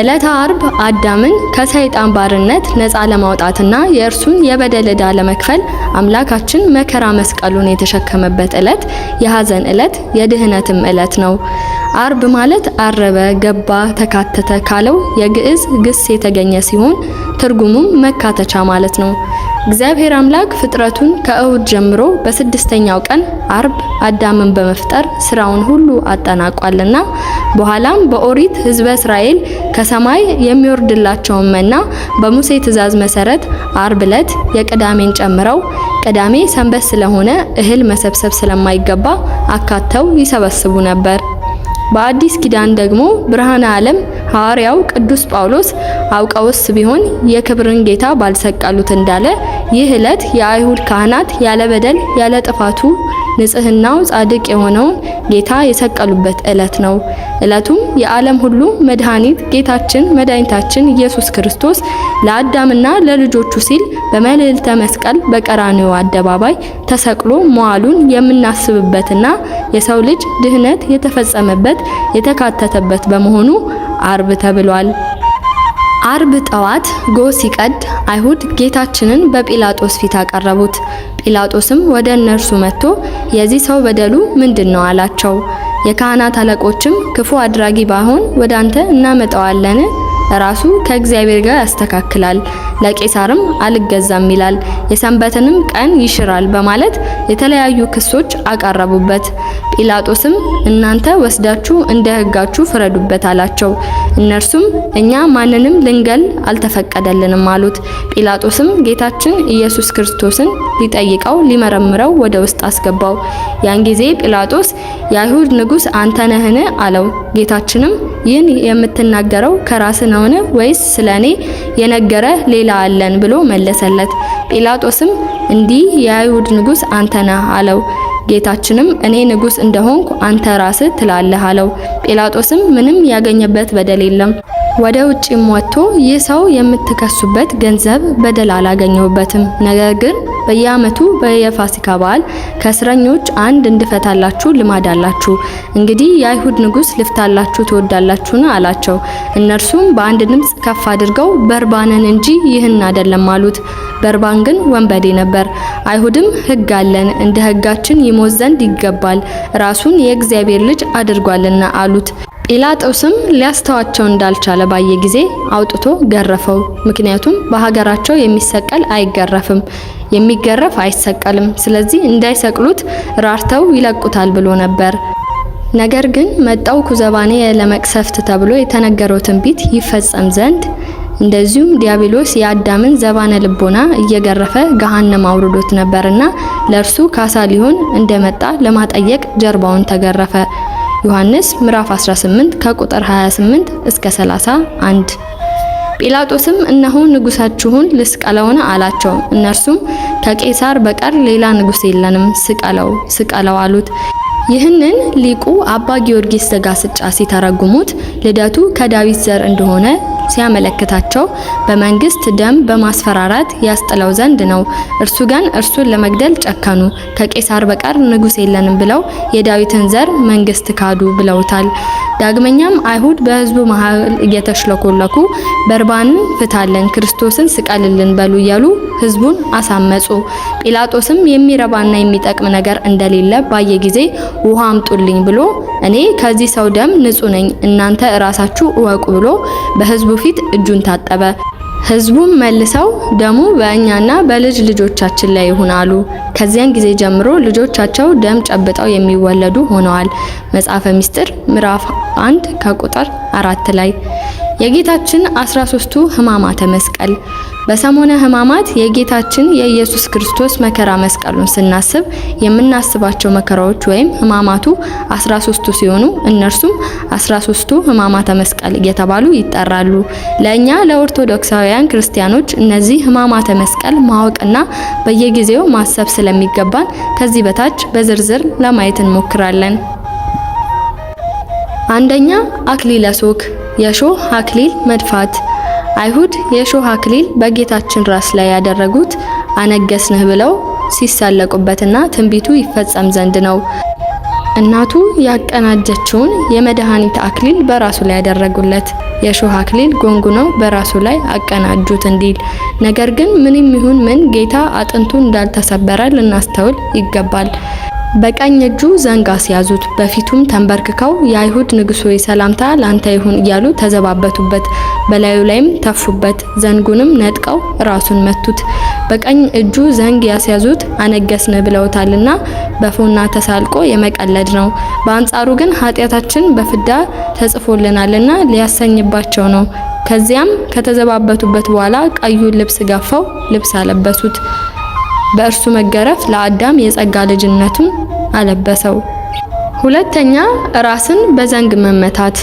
ዕለተ አርብ አዳምን ከሰይጣን ባርነት ነፃ ለማውጣትና የእርሱን የበደል ዕዳ ለመክፈል አምላካችን መከራ መስቀሉን የተሸከመበት ዕለት የሐዘን ዕለት የድህነትም ዕለት ነው። አርብ ማለት አረበ፣ ገባ፣ ተካተተ ካለው የግዕዝ ግስ የተገኘ ሲሆን ትርጉሙም መካተቻ ማለት ነው። እግዚአብሔር አምላክ ፍጥረቱን ከእሁድ ጀምሮ በስድስተኛው ቀን አርብ አዳምን በመፍጠር ስራውን ሁሉ አጠናቋልና በኋላም በኦሪት ሕዝበ እስራኤል ከሰማይ የሚወርድላቸውን መና በሙሴ ትእዛዝ መሰረት አርብ ዕለት የቅዳሜን ጨምረው ቅዳሜ ሰንበት ስለሆነ እህል መሰብሰብ ስለማይገባ አካተው ይሰበስቡ ነበር። በአዲስ ኪዳን ደግሞ ብርሃነ ዓለም ሐዋርያው ቅዱስ ጳውሎስ አውቀውስ ቢሆን የክብርን ጌታ ባልሰቀሉት እንዳለ ይህ ዕለት የአይሁድ ካህናት ያለ በደል ያለ ጥፋቱ ንጽህናው ጻድቅ የሆነው ጌታ የሰቀሉበት ዕለት ነው። ዕለቱም የዓለም ሁሉ መድኃኒት ጌታችን መድኃኒታችን ኢየሱስ ክርስቶስ ለአዳምና ለልጆቹ ሲል በመልዕልተ መስቀል በቀራንዮ አደባባይ ተሰቅሎ መዋሉን የምናስብበትና የሰው ልጅ ድህነት የተፈጸመበት የተካተተበት በመሆኑ አርብ ተብሏል። አርብ ጠዋት ጎህ ሲቀድ አይሁድ ጌታችንን በጲላጦስ ፊት አቀረቡት። ጲላጦስም ወደ እነርሱ መጥቶ የዚህ ሰው በደሉ ምንድን ነው አላቸው። የካህናት አለቆችም ክፉ አድራጊ ባይሆን አንተ እናመጣዋለን ራሱ ከእግዚአብሔር ጋር ያስተካክላል፣ ለቄሳርም አልገዛም ይላል፣ የሰንበትንም ቀን ይሽራል በማለት የተለያዩ ክሶች አቀረቡበት። ጲላጦስም እናንተ ወስዳችሁ እንደ ሕጋችሁ ፍረዱበት አላቸው። እነርሱም እኛ ማንንም ልንገል አልተፈቀደልንም አሉት። ጲላጦስም ጌታችን ኢየሱስ ክርስቶስን ሊጠይቀው ሊመረምረው ወደ ውስጥ አስገባው። ያን ጊዜ ጲላጦስ የአይሁድ ንጉሥ አንተ ነህን? አለው። ጌታችንም ይህን የምትናገረው ከራስ ነውን? ወይስ ስለ እኔ የነገረ ሌላ አለን? ብሎ መለሰለት። ጲላጦስም እንዲህ የአይሁድ ንጉሥ አንተ አለው። ጌታችንም እኔ ንጉሥ እንደሆንኩ አንተ ራስ ትላለህ አለው። ጲላጦስም ምንም ያገኘበት በደል የለም። ወደ ውጭም ወጥቶ ይህ ሰው የምትከሱበት ገንዘብ በደል አላገኘሁበትም፣ ነገር ግን በየአመቱ በየፋሲካ በዓል ከእስረኞች አንድ እንድፈታላችሁ ልማድ አላችሁ። እንግዲህ የአይሁድ ንጉስ ልፍታላችሁ ትወዳላችሁን? አላቸው። እነርሱም በአንድ ድምፅ ከፍ አድርገው በርባንን እንጂ ይህን አይደለም አሉት። በርባን ግን ወንበዴ ነበር። አይሁድም ህግ አለን እንደ ህጋችን ይሞት ዘንድ ይገባል ራሱን የእግዚአብሔር ልጅ አድርጓልና አሉት። ጲላጦስም ሊያስተዋቸው እንዳልቻለ ባየ ጊዜ አውጥቶ ገረፈው። ምክንያቱም በሀገራቸው የሚሰቀል አይገረፍም፣ የሚገረፍ አይሰቀልም። ስለዚህ እንዳይሰቅሉት ራርተው ይለቁታል ብሎ ነበር። ነገር ግን መጣው ኩዘባኔ ለመቅሰፍት ተብሎ የተነገረው ትንቢት ይፈጸም ዘንድ እንደዚሁም ዲያብሎስ የአዳምን ዘባነ ልቦና እየገረፈ ገሃነም አውርዶት ነበርና ለእርሱ ካሳ ሊሆን እንደመጣ ለማጠየቅ ጀርባውን ተገረፈ። ዮሐንስ ምዕራፍ 18 ከቁጥር 28 እስከ 31። ጲላጦስም እነሆ ንጉሳችሁን ልስቀለውን አላቸው። እነርሱም ከቄሳር በቀር ሌላ ንጉስ የለንም፣ ስቀለው ስቀለው አሉት። ይህንን ሊቁ አባ ጊዮርጊስ ዘጋስጫ ሲተረጉሙት ልደቱ ከዳዊት ዘር እንደሆነ ሲያመለክታቸው በመንግስት ደም በማስፈራራት ያስጥለው ዘንድ ነው። እርሱ ግን እርሱን ለመግደል ጨከኑ። ከቄሳር በቀር ንጉስ የለንም ብለው የዳዊትን ዘር መንግስት ካዱ ብለውታል። ዳግመኛም አይሁድ በህዝቡ መሀል እየተሽለኮለኩ በርባንን ፍታልን፣ ክርስቶስን ስቀልልን በሉ እያሉ ህዝቡን አሳመጹ። ጲላጦስም የሚረባና የሚጠቅም ነገር እንደሌለ ባየ ጊዜ ውሃ አምጡልኝ ብሎ እኔ ከዚህ ሰው ደም ንጹ ነኝ እናንተ እራሳችሁ እወቁ ብሎ በህዝቡ ፊት እጁን ታጠበ። ህዝቡም መልሰው ደሙ በእኛና በልጅ ልጆቻችን ላይ ይሁን አሉ። ከዚያን ጊዜ ጀምሮ ልጆቻቸው ደም ጨብጠው የሚወለዱ ሆነዋል። መጽሐፈ ምስጢር ምዕራፍ አንድ ከቁጥር አራት ላይ የጌታችን 13ቱ ህማማተ መስቀል በሰሞነ ህማማት የጌታችን የኢየሱስ ክርስቶስ መከራ መስቀሉን ስናስብ የምናስባቸው መከራዎች ወይም ህማማቱ 13ቱ ሲሆኑ እነርሱም 13ቱ ህማማተ መስቀል እየተባሉ ይጠራሉ። ለእኛ ለኦርቶዶክሳውያን ክርስቲያኖች እነዚህ ህማማተ መስቀል ማወቅና በየጊዜው ማሰብ ስለሚገባን ከዚህ በታች በዝርዝር ለማየት እንሞክራለን። አንደኛ አክሊለ ሶክ የሾህ አክሊል መድፋት አይሁድ የሾህ አክሊል በጌታችን ራስ ላይ ያደረጉት አነገስንህ ብለው ሲሳለቁበትና ትንቢቱ ይፈጸም ዘንድ ነው። እናቱ ያቀናጀችውን የመድኃኒት አክሊል በራሱ ላይ ያደረጉለት። የእሾህ አክሊል ጎንጉነው በራሱ ላይ አቀናጁት እንዲል። ነገር ግን ምንም ይሁን ምን ጌታ አጥንቱ እንዳልተሰበረ ልናስተውል ይገባል። በቀኝ እጁ ዘንግ አስያዙት። በፊቱም ተንበርክከው የአይሁድ ንጉሥ ሆይ ሰላምታ ላንተ ይሁን እያሉ ተዘባበቱበት። በላዩ ላይም ተፉበት። ዘንጉንም ነጥቀው ራሱን መቱት። በቀኝ እጁ ዘንግ ያስያዙት አነገስን ብለውታልና በፎና ተሳልቆ የመቀለድ ነው። በአንጻሩ ግን ኃጢአታችን በፍዳ ተጽፎልናልና ሊያሰኝባቸው ነው። ከዚያም ከተዘባበቱበት በኋላ ቀዩ ልብስ ጋፈው ልብስ አለበሱት። በእርሱ መገረፍ ለአዳም የጸጋ ልጅነቱን አለበሰው። ሁለተኛ ራስን በዘንግ መመታት።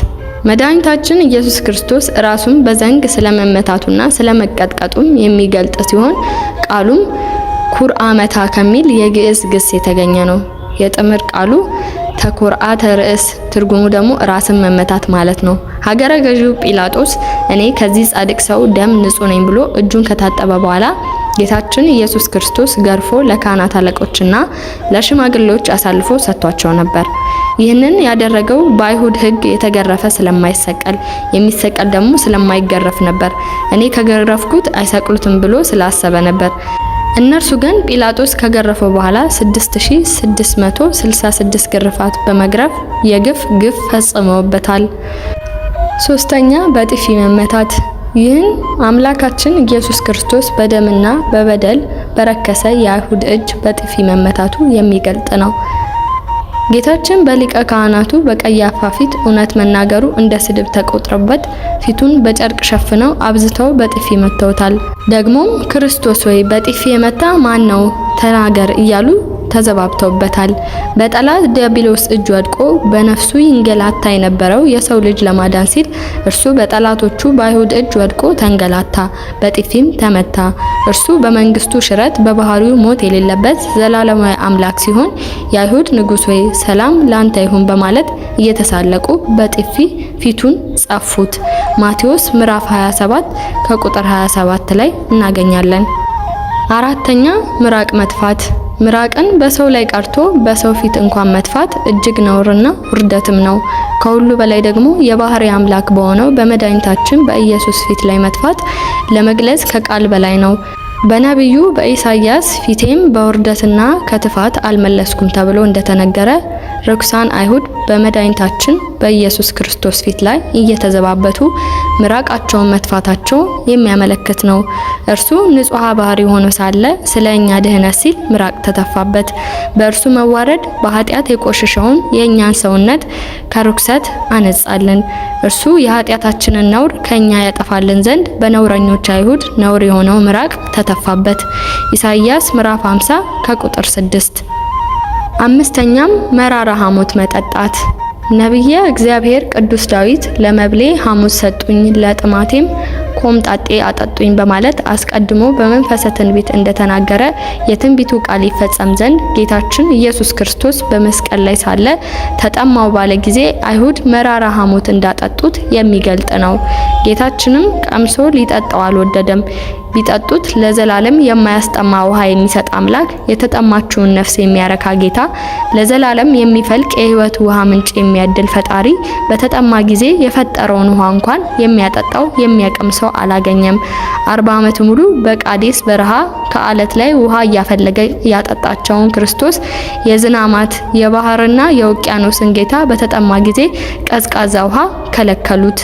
መድኃኒታችን ኢየሱስ ክርስቶስ ራሱን በዘንግ ስለመመታቱና ስለመቀጥቀጡም የሚገልጥ ሲሆን ቃሉም አመታ ከሚል የግዕዝ ግስ የተገኘ ነው። የጥምር ቃሉ ተኩርአተ ርእስ ትርጉሙ ደግሞ ራስን መመታት ማለት ነው። ሀገረ ገዢው ጲላጦስ እኔ ከዚህ ጻድቅ ሰው ደም ንጹህ ነኝ ብሎ እጁን ከታጠበ በኋላ ጌታችን ኢየሱስ ክርስቶስ ገርፎ ለካህናት አለቆችና ለሽማግሌዎች አሳልፎ ሰጥቷቸው ነበር። ይህንን ያደረገው በአይሁድ ሕግ የተገረፈ ስለማይሰቀል የሚሰቀል ደግሞ ስለማይገረፍ ነበር። እኔ ከገረፍኩት አይሰቅሉትም ብሎ ስላሰበ ነበር። እነርሱ ግን ጲላጦስ ከገረፈው በኋላ 6666 ግርፋት በመግረፍ የግፍ ግፍ ፈጽመውበታል። ሶስተኛ በጥፊ መመታት። ይህን አምላካችን ኢየሱስ ክርስቶስ በደምና በበደል በረከሰ የአይሁድ እጅ በጥፊ መመታቱ የሚገልጥ ነው። ጌታችን በሊቀ ካህናቱ በቀያፋ ፊት እውነት መናገሩ እንደ ስድብ ተቆጥሮበት ፊቱን በጨርቅ ሸፍነው አብዝተው በጥፊ መተውታል። ደግሞም ክርስቶስ ወይ በጥፊ የመታ ማን ነው? ተናገር እያሉ ተዘባብተውበታል። በጠላት ዲያብሎስ እጅ ወድቆ በነፍሱ ይንገላታ የነበረው የሰው ልጅ ለማዳን ሲል እርሱ በጠላቶቹ በአይሁድ እጅ ወድቆ ተንገላታ፣ በጥፊም ተመታ። እርሱ በመንግስቱ ሽረት በባህሪው ሞት የሌለበት ዘላለማዊ አምላክ ሲሆን የአይሁድ ንጉሥ ሆይ ሰላም ላንተ ይሁን በማለት እየተሳለቁ በጥፊ ፊቱን ጸፉት። ማቴዎስ ምዕራፍ 27 ከቁጥር 27 ላይ እናገኛለን። አራተኛ ምራቅ መጥፋት ምራቅን በሰው ላይ ቀርቶ በሰው ፊት እንኳን መትፋት እጅግ ነውርና ውርደትም ነው። ከሁሉ በላይ ደግሞ የባህሪ አምላክ በሆነው በመድኃኒታችን በኢየሱስ ፊት ላይ መትፋት ለመግለጽ ከቃል በላይ ነው። በነቢዩ በኢሳይያስ ፊቴም በውርደትና ከትፋት አልመለስኩም ተብሎ እንደተነገረ ርኩሳን አይሁድ በመድኃኒታችን በኢየሱስ ክርስቶስ ፊት ላይ እየተዘባበቱ ምራቃቸውን መትፋታቸው የሚያመለክት ነው። እርሱ ንጹሐ ባህሪ ሆኖ ሳለ ስለ እኛ ድህነት ሲል ምራቅ ተተፋበት። በእርሱ መዋረድ በኃጢአት የቆሸሸውን የእኛን ሰውነት ከርኩሰት አነጻልን። እርሱ የኃጢአታችንን ነውር ከእኛ ያጠፋልን ዘንድ በነውረኞች አይሁድ ነውር የሆነው ምራቅ ተተፋበት። ኢሳይያስ ምዕራፍ 50 ከቁጥር 6። አምስተኛም መራራ ሐሞት መጠጣት ነቢየ እግዚአብሔር ቅዱስ ዳዊት ለመብሌ ሐሙስ ሰጡኝ ለጥማቴም ኮምጣጤ አጠጡኝ በማለት አስቀድሞ በመንፈሰ ትንቢት እንደተናገረ የትንቢቱ ቃል ይፈጸም ዘንድ ጌታችን ኢየሱስ ክርስቶስ በመስቀል ላይ ሳለ ተጠማው ባለ ጊዜ አይሁድ መራራ ሐሞት እንዳጠጡት የሚገልጥ ነው። ጌታችንም ቀምሶ ሊጠጣው አልወደደም። ቢጠጡት ለዘላለም የማያስጠማ ውሃ የሚሰጥ አምላክ፣ የተጠማችውን ነፍስ የሚያረካ ጌታ፣ ለዘላለም የሚፈልቅ የህይወት ውሃ ምንጭ የሚያድል ፈጣሪ በተጠማ ጊዜ የፈጠረውን ውሃ እንኳን የሚያጠጣው የሚያቀም ሰው አላገኘም። አርባ ዓመት ሙሉ በቃዴስ በረሃ ከአለት ላይ ውሃ እያፈለገ ያጠጣቸውን ክርስቶስ የዝናማት የባህርና የውቅያኖስን ጌታ በተጠማ ጊዜ ቀዝቃዛ ውሃ ከለከሉት።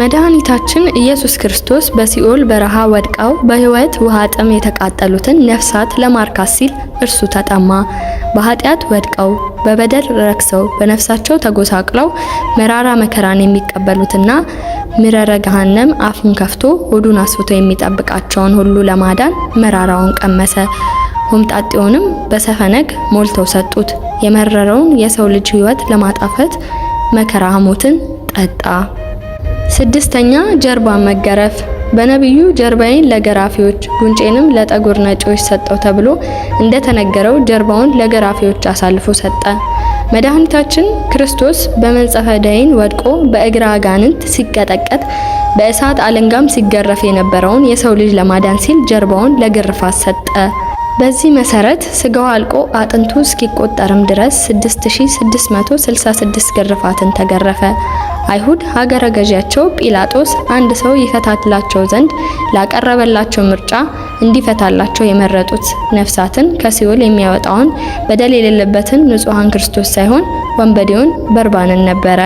መድኃኒታችን ኢየሱስ ክርስቶስ በሲኦል በረሃ ወድቀው በሕይወት ውሃ ጥም የተቃጠሉትን ነፍሳት ለማርካት ሲል እርሱ ተጠማ። በኃጢአት ወድቀው በበደል ረክሰው በነፍሳቸው ተጎሳቅለው መራራ መከራን የሚቀበሉትና ምረረ ገሃነም አፉን ከፍቶ ሆዱን አስፍቶ የሚጠብቃቸውን ሁሉ ለማዳን መራራውን ቀመሰ። ሆምጣጤውንም በሰፈነግ ሞልተው ሰጡት። የመረረውን የሰው ልጅ ሕይወት ለማጣፈት መከራ ሞትን ጠጣ። ስድስተኛ ጀርባ መገረፍ በነቢዩ ጀርባዬን ለገራፊዎች ጉንጬንም ለጠጉር ነጪዎች ሰጠው ተብሎ እንደተነገረው ጀርባውን ለገራፊዎች አሳልፎ ሰጠ። መድኃኒታችን ክርስቶስ በመንጸፈ ደይን ወድቆ በእግረ አጋንንት ሲቀጠቀጥ በእሳት አለንጋም ሲገረፍ የነበረውን የሰው ልጅ ለማዳን ሲል ጀርባውን ለግርፋት ሰጠ። በዚህ መሰረት ስጋው አልቆ አጥንቱ እስኪቆጠርም ድረስ 6666 ግርፋትን ተገረፈ። አይሁድ ሀገረ ገዢያቸው ጲላጦስ አንድ ሰው ይፈታላቸው ዘንድ ላቀረበላቸው ምርጫ እንዲፈታላቸው የመረጡት ነፍሳትን ከሲኦል የሚያወጣውን በደል የሌለበትን ንጹሐን ክርስቶስ ሳይሆን ወንበዴውን በርባንን ነበረ።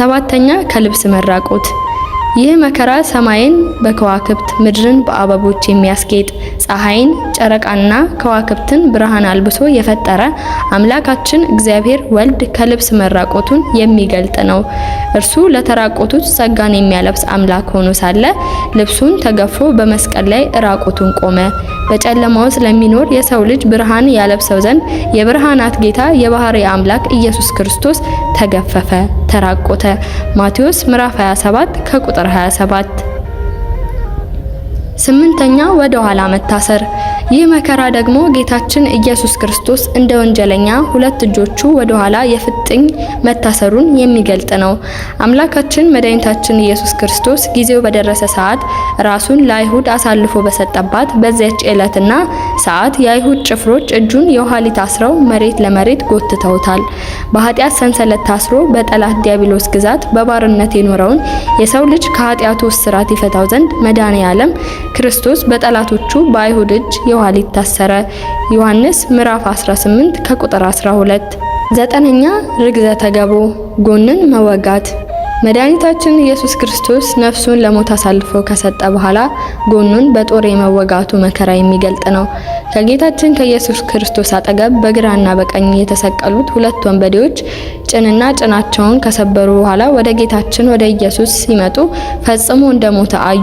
ሰባተኛ ከልብስ መራቆት ይህ መከራ ሰማይን በከዋክብት ምድርን በአበቦች የሚያስጌጥ ፀሐይን፣ ጨረቃና ከዋክብትን ብርሃን አልብሶ የፈጠረ አምላካችን እግዚአብሔር ወልድ ከልብስ መራቆቱን የሚገልጥ ነው። እርሱ ለተራቆቱት ጸጋን የሚያለብስ አምላክ ሆኖ ሳለ ልብሱን ተገፎ በመስቀል ላይ ራቆቱን ቆመ። በጨለማ ውስጥ ለሚኖር የሰው ልጅ ብርሃን ያለብሰው ዘንድ የብርሃናት ጌታ የባህሪ አምላክ ኢየሱስ ክርስቶስ ተገፈፈ። ተራቆተ። ማቴዎስ ምዕራፍ 27 ከቁጥር 27። ስምንተኛ ወደ ኋላ መታሰር ይህ መከራ ደግሞ ጌታችን ኢየሱስ ክርስቶስ እንደ ወንጀለኛ ሁለት እጆቹ ወደ ኋላ የፍጥኝ መታሰሩን የሚገልጥ ነው። አምላካችን መድኃኒታችን ኢየሱስ ክርስቶስ ጊዜው በደረሰ ሰዓት ራሱን ለአይሁድ አሳልፎ በሰጠባት በዚያች ዕለትና ሰዓት የአይሁድ ጭፍሮች እጁን የኋሊት አስረው መሬት ለመሬት ጎትተውታል። በኃጢአት ሰንሰለት ታስሮ በጠላት ዲያብሎስ ግዛት በባርነት የኖረውን የሰው ልጅ ከኃጢአቱ እስራት ይፈታው ዘንድ መድኃኔ ዓለም ክርስቶስ በጠላቶቹ በአይሁድ እጅ በኋሊት ታሰረ። ዮሐንስ ምዕራፍ 18 ከቁጥር 12። ዘጠነኛ ርግዘተ ገቦ ጎንን መወጋት መድኃኒታችን ኢየሱስ ክርስቶስ ነፍሱን ለሞት አሳልፎ ከሰጠ በኋላ ጎኑን በጦር የመወጋቱ መከራ የሚገልጥ ነው። ከጌታችን ከኢየሱስ ክርስቶስ አጠገብ በግራና በቀኝ የተሰቀሉት ሁለት ወንበዴዎች ጭንና ጭናቸውን ከሰበሩ በኋላ ወደ ጌታችን ወደ ኢየሱስ ሲመጡ ፈጽሞ እንደሞተ አዩ።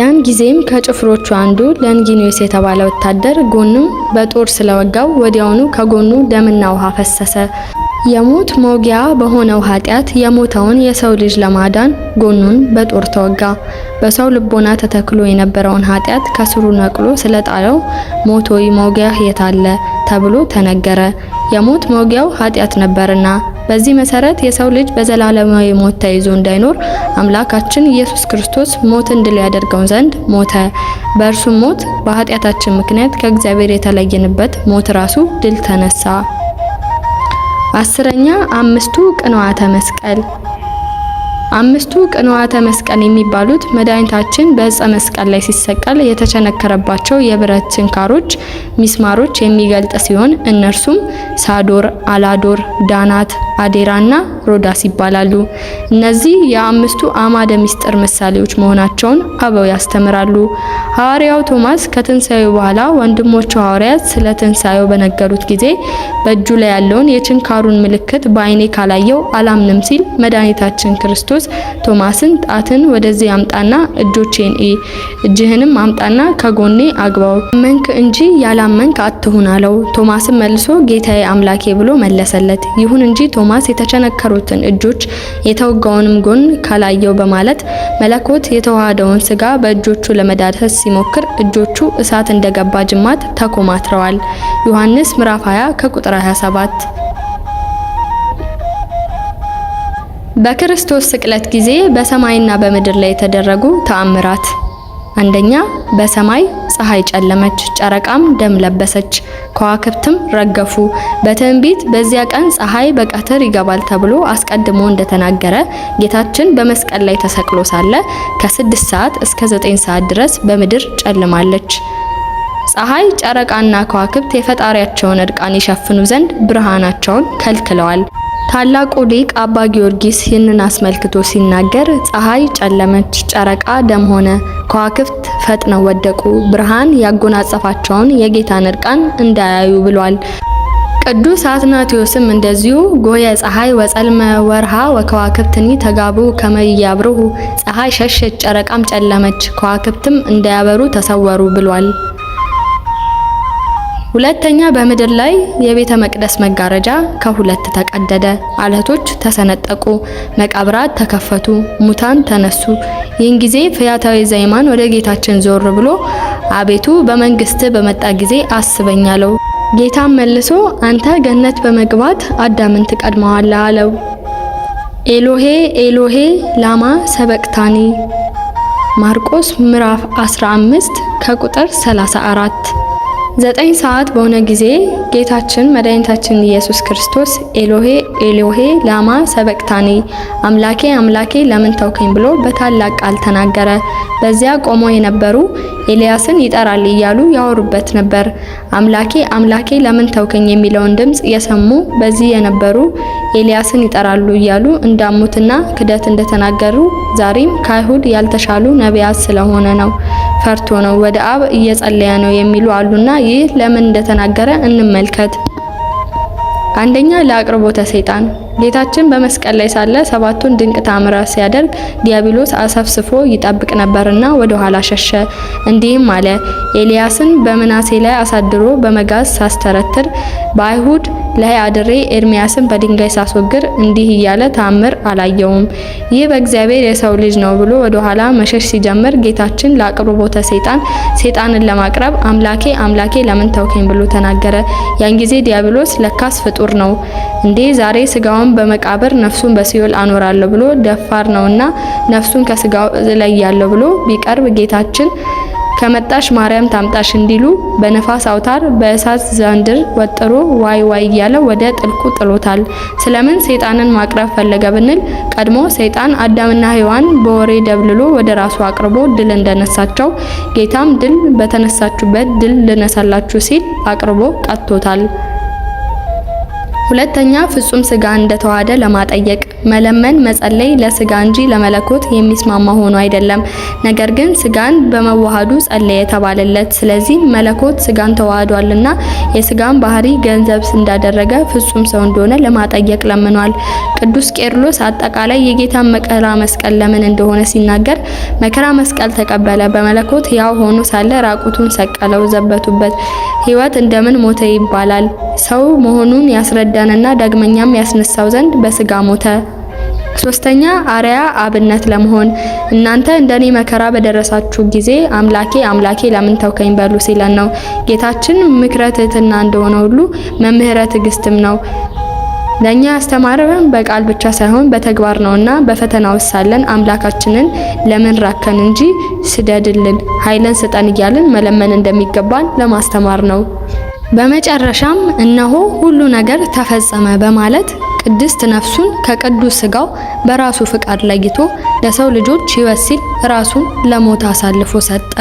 ያን ጊዜም ከጭፍሮቹ አንዱ ለንጊኖስ የተባለ ወታደር ጎኑም በጦር ስለወጋው ወዲያውኑ ከጎኑ ደምና ውሃ ፈሰሰ። የሞት መውጊያ በሆነው ኃጢአት የሞተውን የሰው ልጅ ለማዳን ጎኑን በጦር ተወጋ። በሰው ልቦና ተተክሎ የነበረውን ኃጢአት ከስሩ ነቅሎ ስለጣለው ሞት ሆይ መውጊያህ የታለ ተብሎ ተነገረ። የሞት መውጊያው ኃጢአት ነበርና። በዚህ መሰረት የሰው ልጅ በዘላለማዊ ሞት ተይዞ እንዳይኖር አምላካችን ኢየሱስ ክርስቶስ ሞት እንድል ያደርገው ዘንድ ሞተ። በእርሱም ሞት በኃጢአታችን ምክንያት ከእግዚአብሔር የተለየንበት ሞት ራሱ ድል ተነሳ። አስረኛ አምስቱ ቅንዋተ መስቀል አምስቱ ቅንዋተ መስቀል የሚባሉት መድኃኒታችን በዕፀ መስቀል ላይ ሲሰቀል የተቸነከረባቸው የብረት ችንካሮች፣ ሚስማሮች የሚገልጥ ሲሆን እነርሱም ሳዶር፣ አላዶር፣ ዳናት፣ አዴራና ሮዳስ ይባላሉ። እነዚህ የአምስቱ አማደ ምስጢር ምሳሌዎች መሆናቸውን አበው ያስተምራሉ። ሐዋርያው ቶማስ ከትንሣኤው በኋላ ወንድሞቹ ሐዋርያት ስለ በነገሩት ጊዜ በእጁ ላይ ያለውን የችንካሩን ምልክት በዓይኔ ካላየው አላምንም ሲል መድኃኒታችን ክርስቶስ ቶማስን ጣትን ወደዚህ አምጣና እጆቼን እይ፣ እጅህንም አምጣና ከጎኔ አግባው፣ መንክ እንጂ ያላመንክ አትሁን አለው። ቶማስን መልሶ ጌታዬ አምላኬ ብሎ መለሰለት። ይሁን እንጂ ቶማስ የተቸነከረ የነበሩትን እጆች የተወጋውንም ጎን ካላየው በማለት መለኮት የተዋሃደውን ስጋ በእጆቹ ለመዳሰስ ሲሞክር እጆቹ እሳት እንደገባ ጅማት ተኮማትረዋል። ዮሐንስ ምዕራፍ 20 ከቁጥር 27። በክርስቶስ ስቅለት ጊዜ በሰማይና በምድር ላይ የተደረጉ ተአምራት አንደኛ በሰማይ ፀሐይ ጨለመች፣ ጨረቃም ደም ለበሰች፣ ከዋክብትም ረገፉ። በትንቢት በዚያ ቀን ፀሐይ በቀትር ይገባል ተብሎ አስቀድሞ እንደተናገረ ጌታችን በመስቀል ላይ ተሰቅሎ ሳለ ከስድስት ሰዓት እስከ ዘጠኝ ሰዓት ድረስ በምድር ጨልማለች። ፀሐይ፣ ጨረቃና ከዋክብት የፈጣሪያቸውን እርቃን ይሸፍኑ ዘንድ ብርሃናቸውን ከልክለዋል። ታላቁ ሊቅ አባ ጊዮርጊስ ይህንን አስመልክቶ ሲናገር ፀሐይ ጨለመች፣ ጨረቃ ደም ሆነ፣ ከዋክብት ፈጥነው ወደቁ፣ ብርሃን ያጎናጸፋቸውን የጌታን እርቃን እንዳያዩ ብሏል። ቅዱስ አትናቴዎስም እንደዚሁ ጎየ ፀሐይ ወጸልመ ወርሃ ወከዋክብትኒ ተጋቡ ከመያብርሁ ፀሐይ ሸሸች፣ ጨረቃም ጨለመች፣ ከዋክብትም እንዳያበሩ ተሰወሩ ብሏል። ሁለተኛ በምድር ላይ የቤተ መቅደስ መጋረጃ ከሁለት ተቀደደ፣ አለቶች ተሰነጠቁ፣ መቃብራት ተከፈቱ፣ ሙታን ተነሱ። ይህን ጊዜ ፈያታዊ ዘይማን ወደ ጌታችን ዞር ብሎ አቤቱ በመንግስት በመጣ ጊዜ አስበኝ አለው። ጌታም መልሶ አንተ ገነት በመግባት አዳምን ትቀድመዋለህ አለው። ኤሎሄ ኤሎሄ ላማ ሰበቅታኒ ማርቆስ ምዕራፍ 15 ከቁጥር 34 ዘጠኝ ሰዓት በሆነ ጊዜ ጌታችን መድኃኒታችን ኢየሱስ ክርስቶስ ኤሎሄ ኤሎሄ ላማ ሰበቅታኒ አምላኬ አምላኬ ለምን ተውከኝ ብሎ በታላቅ ቃል ተናገረ። በዚያ ቆመው የነበሩ ኤልያስን ይጠራል እያሉ ያወሩበት ነበር። አምላኬ አምላኬ ለምን ተውከኝ የሚለውን ድምፅ የሰሙ በዚህ የነበሩ ኤልያስን ይጠራሉ እያሉ እንዳሙትና ክደት እንደተናገሩ ዛሬም ከአይሁድ ያልተሻሉ ነቢያት ስለሆነ ነው። ፈርቶ ነው ወደ አብ እየጸለየ ነው የሚሉ አሉና ይህ ለምን እንደተናገረ እንመልከት። አንደኛ ለአቅርቦተ ሰይጣን ጌታችን በመስቀል ላይ ሳለ ሰባቱን ድንቅ ታምራት ሲያደርግ ዲያብሎስ አሰፍስፎ ይጠብቅ ነበርና ወደ ኋላ ሸሸ። እንዲህም አለ፣ ኤልያስን በምናሴ ላይ አሳድሮ በመጋዝ ሳስተረትር በአይሁድ ላይ አድሬ ኤርሚያስን በድንጋይ ሳስወግር እንዲህ እያለ ታምር አላየውም። ይህ በእግዚአብሔር የሰው ልጅ ነው ብሎ ወደ ኋላ መሸሽ ሲጀምር ጌታችን ለአቅርቦተ ሰይጣን ሰይጣንን ለማቅረብ አምላኬ አምላኬ ለምን ተውከኝ ብሎ ተናገረ። ያን ጊዜ ዲያብሎስ ለካስ ፍጡር ነው እንዴ ዛሬ ስጋውን በመቃብር ነፍሱን በሲኦል አኖራለሁ ብሎ ደፋር ነውና ነፍሱን ከስጋው እለያለሁ ብሎ ቢቀርብ ጌታችን ከመጣሽ ማርያም ታምጣሽ እንዲሉ በነፋስ አውታር በእሳት ዛንድር ወጥሮ ዋይ ዋይ እያለ ወደ ጥልቁ ጥሎታል። ስለምን ሰይጣንን ማቅረብ ፈለገ ብንል ቀድሞ ሰይጣን አዳምና ሔዋን በወሬ ደብልሎ ወደ ራሱ አቅርቦ ድል እንደነሳቸው ጌታም ድል በተነሳችሁበት ድል ልነሳላችሁ ሲል አቅርቦ ቀጥቶታል። ሁለተኛ ፍጹም ስጋ እንደተዋሃደ ለማጠየቅ መለመን መጸለይ ለስጋ እንጂ ለመለኮት የሚስማማ ሆኖ አይደለም። ነገር ግን ስጋን በመዋሃዱ ጸለየ የተባለለት። ስለዚህ መለኮት ስጋን ተዋህዷልና የስጋን ባህሪ ገንዘብ እንዳደረገ ፍጹም ሰው እንደሆነ ለማጠየቅ ለምኗል። ቅዱስ ቄርሎስ አጠቃላይ የጌታን መከራ መስቀል ለምን እንደሆነ ሲናገር መከራ መስቀል ተቀበለ፣ በመለኮት ያው ሆኖ ሳለ ራቁቱን ሰቀለው፣ ዘበቱበት። ህይወት እንደምን ሞተ ይባላል። ሰው መሆኑን ያስረዳል ይውደደንና ዳግመኛም ያስነሳው ዘንድ በስጋ ሞተ። ሶስተኛ አርያ አብነት ለመሆን እናንተ እንደኔ መከራ በደረሳችሁ ጊዜ አምላኬ አምላኬ ለምን ተውከኝ በሉ ሲለን ነው። ጌታችን ምክረ ትሕትና እንደሆነ ሁሉ መምህረ ትዕግስትም ነው። ለኛ ያስተማረን በቃል ብቻ ሳይሆን በተግባር ነውና በፈተና ውስጥ ሳለን አምላካችንን ለምን ራከን እንጂ ስደድልን፣ ኃይልን ስጠን እያልን መለመን እንደሚገባን ለማስተማር ነው። በመጨረሻም እነሆ ሁሉ ነገር ተፈጸመ በማለት ቅድስት ነፍሱን ከቅዱስ ስጋው በራሱ ፍቃድ ለይቶ ለሰው ልጆች ሕይወት ሲል ራሱን ለሞት አሳልፎ ሰጠ።